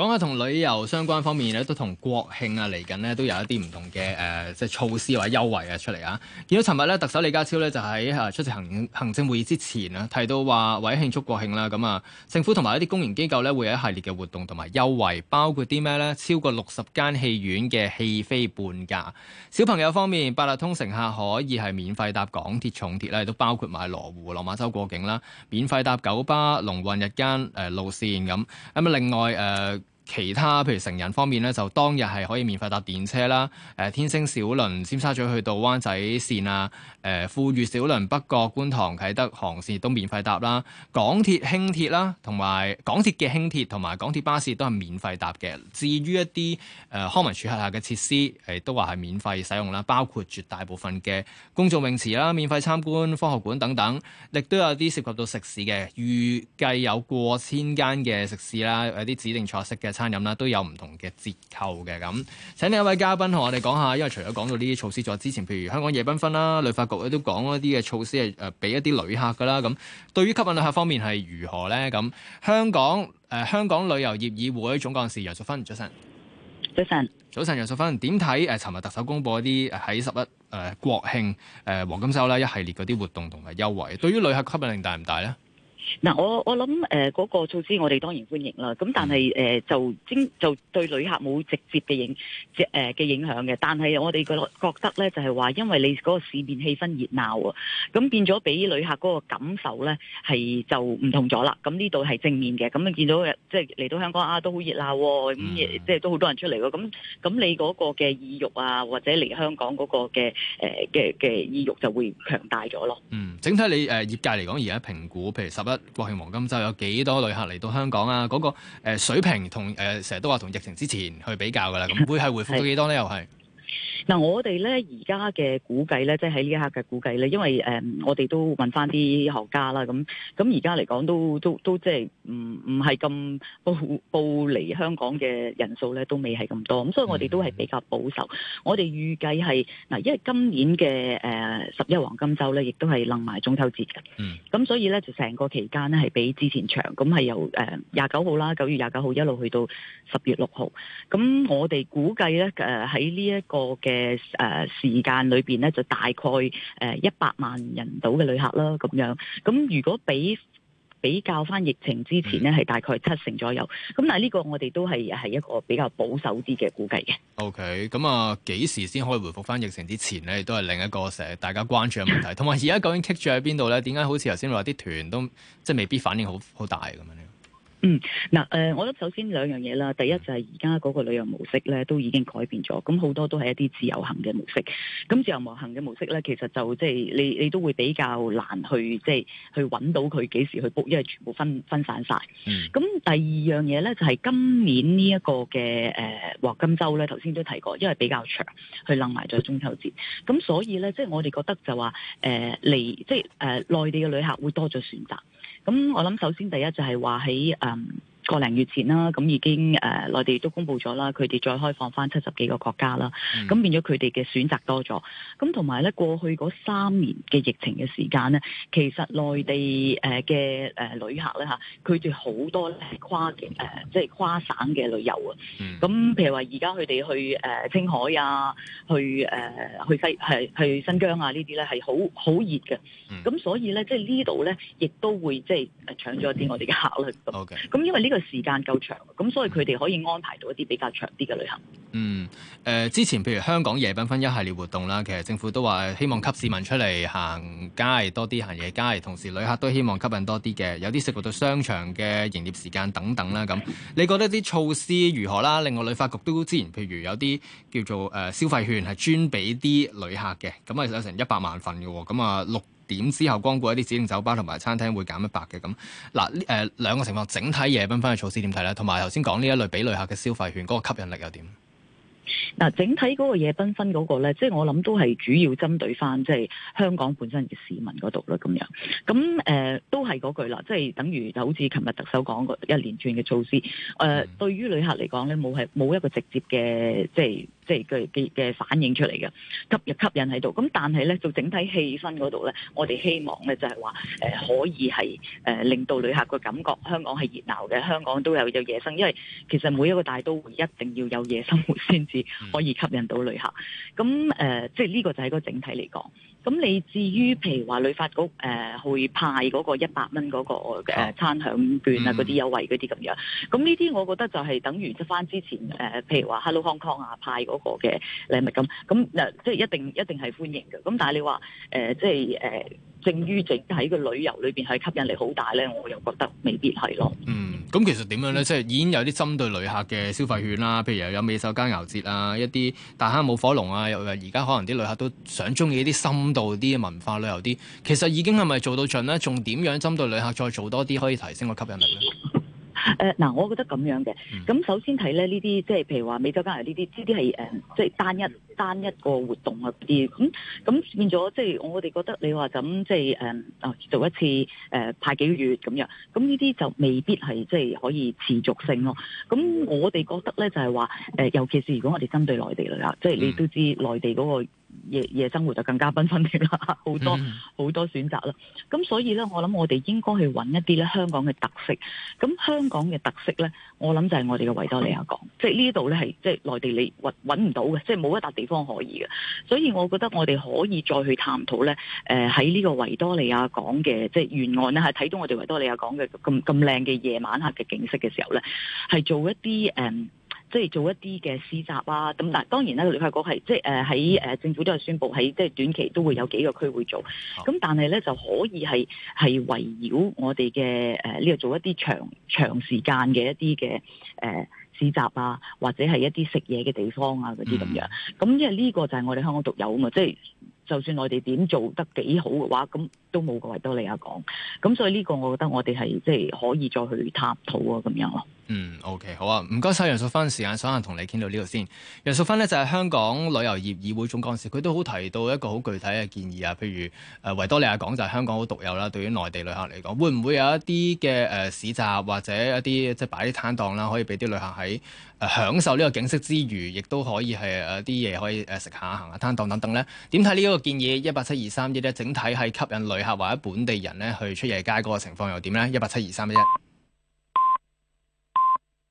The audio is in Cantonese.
講下同旅遊相關方面咧，都同國慶啊嚟緊呢都有一啲唔同嘅誒，即、呃、係措施或者優惠啊出嚟啊！見到尋日呢，特首李家超呢就喺出席行行政會議之前啊，提到話為咗慶祝國慶啦，咁啊，政府同埋一啲公營機構呢，會有一系列嘅活動同埋優惠，包括啲咩呢？超過六十間戲院嘅戲飛半價，小朋友方面，八達通乘客可以係免費搭港鐵、重鐵咧，都包括埋羅湖、落馬洲過境啦，免費搭九巴、龍運日間誒、呃、路線咁。咁啊，另外誒。呃其他譬如成人方面咧，就當日係可以免費搭電車啦。誒天星小輪尖沙咀去到灣仔線啊，誒富裕小輪北角、觀塘、啟德航線都免費搭啦。港鐵輕鐵啦，同埋港鐵嘅輕鐵同埋港鐵巴士都係免費搭嘅。至於一啲誒、呃、康文署轄下嘅設施，誒都話係免費使用啦，包括絕大部分嘅公眾泳池啦，免費參觀科學館等等，亦都有啲涉及到食肆嘅，預計有過千間嘅食肆啦，有啲指定菜式嘅。餐飲啦，都有唔同嘅折扣嘅咁。請另一位嘉賓同我哋講下，因為除咗講到呢啲措施之外，之前譬如香港夜繽紛啦，旅發局都講一啲嘅措施係誒俾一啲旅客噶啦。咁對於吸引旅客方面係如何呢？咁香港誒、呃、香港旅遊業議會總幹事楊淑芬，早晨。早晨上，早晨，楊淑芬點睇誒？尋日特首公佈一啲喺十一誒國慶誒、呃、黃金週啦，一系列嗰啲活動同埋優惠，對於旅客吸引力大唔大呢？嗱，我我諗誒，嗰個措施我哋當然歡迎啦。咁但係誒，就經就對旅客冇直接嘅影誒嘅影響嘅。但係我哋個覺得咧，就係話因為你嗰個市面氣氛熱鬧啊，咁變咗俾旅客嗰個感受咧係就唔同咗啦。咁呢度係正面嘅。咁你見到即係嚟到香港啊都好熱鬧，咁即係都好多人出嚟咯。咁咁你嗰個嘅意欲啊，或者嚟香港嗰個嘅誒嘅嘅意欲就會強大咗咯。嗯，整體你誒業界嚟講而家評估，譬如十一。國慶黃金週有幾多旅客嚟到香港啊？嗰、那個、呃、水平同誒成日都話同疫情之前去比較㗎啦，咁會係回復到幾多呢？又係。嗱，我哋咧而家嘅估計咧，即係喺呢一刻嘅估計咧，因為誒，我哋都問翻啲學家啦，咁咁而家嚟講都都都即係唔唔係咁暴暴嚟香港嘅人數咧，都未係咁多，咁所以我哋都係比較保守。我哋預計係嗱，因為今年嘅誒十一黃金週咧，亦都係臨埋中秋節嘅，咁、嗯、所以咧就成個期間咧係比之前長，咁係由誒廿九號啦，九月廿九號一路去到十月六號。咁我哋估計咧誒喺呢一個個嘅誒時間裏邊咧，就大概誒一百萬人到嘅旅客啦，咁樣咁。如果比比較翻疫情之前咧，係大概七成左右咁。嗯、但係呢個我哋都係係一個比較保守啲嘅估計嘅。O K. 咁啊，幾時先可以回復翻疫情之前咧？亦都係另一個成日大家關注嘅問題。同埋，而家究竟棘住喺邊度咧？點解好似頭先話啲團都即係未必反應好好大咁樣呢？嗯，嗱、呃，我覺得首先兩樣嘢啦，第一就係而家嗰個旅遊模式咧，都已經改變咗，咁好多都係一啲自由行嘅模式，咁自由模行嘅模式咧，其實就即係你你都會比較難去即係、就是、去揾到佢幾時去 book，因為全部分分散晒。咁、嗯、第二樣嘢咧，就係、是、今年、呃、今呢一個嘅誒黃金週咧，頭先都提過，因為比較長，去冧埋咗中秋節，咁所以咧，即、就、係、是、我哋覺得就話誒嚟，即係誒內地嘅旅客會多咗選擇。咁我諗首先第一就係話喺誒。Um 個零月前啦，咁已經誒內地都公布咗啦，佢哋再開放返七十幾個國家啦，咁、嗯、變咗佢哋嘅選擇多咗。咁同埋咧，過去嗰三年嘅疫情嘅時間咧，其實內地誒嘅誒旅客咧嚇，佢哋好多咧係跨誒，即係跨省嘅旅遊啊。咁、嗯、譬如話，而家佢哋去誒青海啊，去誒、呃、去西係去新疆啊呢啲咧係好好熱嘅。咁、嗯、所以咧，即係呢度咧，亦都會即係搶咗一啲我哋嘅客啦。咁咁、嗯 okay. 因為呢、呢個。時間夠長，咁所以佢哋可以安排到一啲比較長啲嘅旅行。嗯，誒、呃，之前譬如香港夜繽紛一系列活動啦，其實政府都話希望吸市民出嚟行街多點，多啲行夜街，同時旅客都希望吸引多啲嘅，有啲涉及到商場嘅營業時間等等啦。咁、嗯、你覺得啲措施如何啦？另外旅發局都之前譬如有啲叫做誒、呃、消費券係專俾啲旅客嘅，咁啊有成一百萬份嘅喎，咁啊六。點之後光顧一啲指定酒吧同埋餐廳會減一百嘅。咁，嗱，誒兩個情況，整體夜繽紛嘅措施點睇咧？同埋頭先講呢一類俾旅客嘅消費券嗰、那個吸引力又點？嗱，整體嗰個夜繽紛嗰個咧，即係我諗都係主要針對翻即係香港本身嘅市民嗰度啦，咁樣，咁、呃、誒都係嗰句啦，即係等於就好似琴日特首講過一連串嘅措施，誒、呃、對於旅客嚟講咧冇係冇一個直接嘅即係即係嘅嘅反應出嚟嘅，吸入吸引喺度，咁但係咧就整體氣氛嗰度咧，我哋希望咧就係話誒可以係誒、呃、令到旅客個感覺香港係熱鬧嘅，香港都有有夜生，因為其實每一個大都會一定要有夜生活先至。嗯、可以吸引到旅客，咁誒，即係呢個就係個整體嚟講。咁你至於譬如話旅發局誒，去、呃、派嗰個一百蚊嗰個誒，呃哦、餐享券啊，嗰啲優惠嗰啲咁樣，咁呢啲我覺得就係等於即翻之前誒，譬、呃、如話 Hello Hong Kong 啊派嗰個嘅禮物咁，咁嗱、呃、即係一定一定係歡迎嘅。咁但係你話誒、呃，即係誒。呃正於整喺個旅遊裏邊係吸引力好大咧，我又覺得未必係咯。嗯，咁其實點樣咧？即係已經有啲針對旅客嘅消費券啦，譬如又有美酒佳餚節啊，一啲大坑舞火龍啊，又而家可能啲旅客都想中意一啲深度啲嘅文化旅遊啲，其實已經係咪做到盡咧？仲點樣針對旅客再做多啲可以提升個吸引力咧？ 誒嗱、嗯呃，我覺得咁樣嘅，咁首先睇咧呢啲、呃，即係譬如話美洲嘉年呢啲，呢啲係誒，即係單一單一個活動啊啲，咁咁變咗即係我哋覺得你話咁，即係誒，啊、呃、做一次誒派、呃、幾個月咁樣，咁呢啲就未必係即係可以持續性咯。咁我哋覺得咧就係話誒，尤其是如果我哋針對內地嚟講，即係你都知內地嗰、那個。夜夜生活就更加繽紛啲啦，好多好、mm hmm. 多選擇啦。咁所以咧，我諗我哋應該去揾一啲咧香港嘅特色。咁香港嘅特色咧，我諗就係我哋嘅維多利亞港，mm hmm. 即係呢度咧係即係內地你揾揾唔到嘅，即係冇一笪地方可以嘅。所以我覺得我哋可以再去探討咧，誒喺呢個維多利亞港嘅即係沿岸咧，係睇到我哋維多利亞港嘅咁咁靚嘅夜晚黑嘅景色嘅時候咧，係做一啲誒。嗯即係做一啲嘅市集啊，咁但當當然啦，旅發局係即係喺政府都有宣布，喺即係短期都會有幾個區會做，咁但係咧就可以係係圍繞我哋嘅呢度做一啲長長時間嘅一啲嘅誒市集啊，或者係一啲食嘢嘅地方啊嗰啲咁樣，咁、嗯、因為呢個就係我哋香港獨有啊嘛，即係。就算我哋點做得幾好嘅話，咁都冇個維多利亞港，咁所以呢個我覺得我哋係即係可以再去探討啊，咁樣咯。嗯，OK，好啊，唔該晒。楊淑芬時間，想同你傾到呢度先。楊淑芬呢，就係香港旅遊業議會總幹事，佢都好提到一個好具體嘅建議啊，譬如誒維多利亞港就係香港好獨有啦，對於內地旅客嚟講，會唔會有一啲嘅誒市集或者一啲即係擺啲攤檔啦，可以俾啲旅客喺？享受呢個景色之餘，亦都可以係誒啲嘢可以誒食下，下，行下攤檔等等。等等咧。點睇呢一個建議？一八七二三一咧，整體係吸引旅客或者本地人咧去出夜街嗰個情況又點咧？一八七二三一一。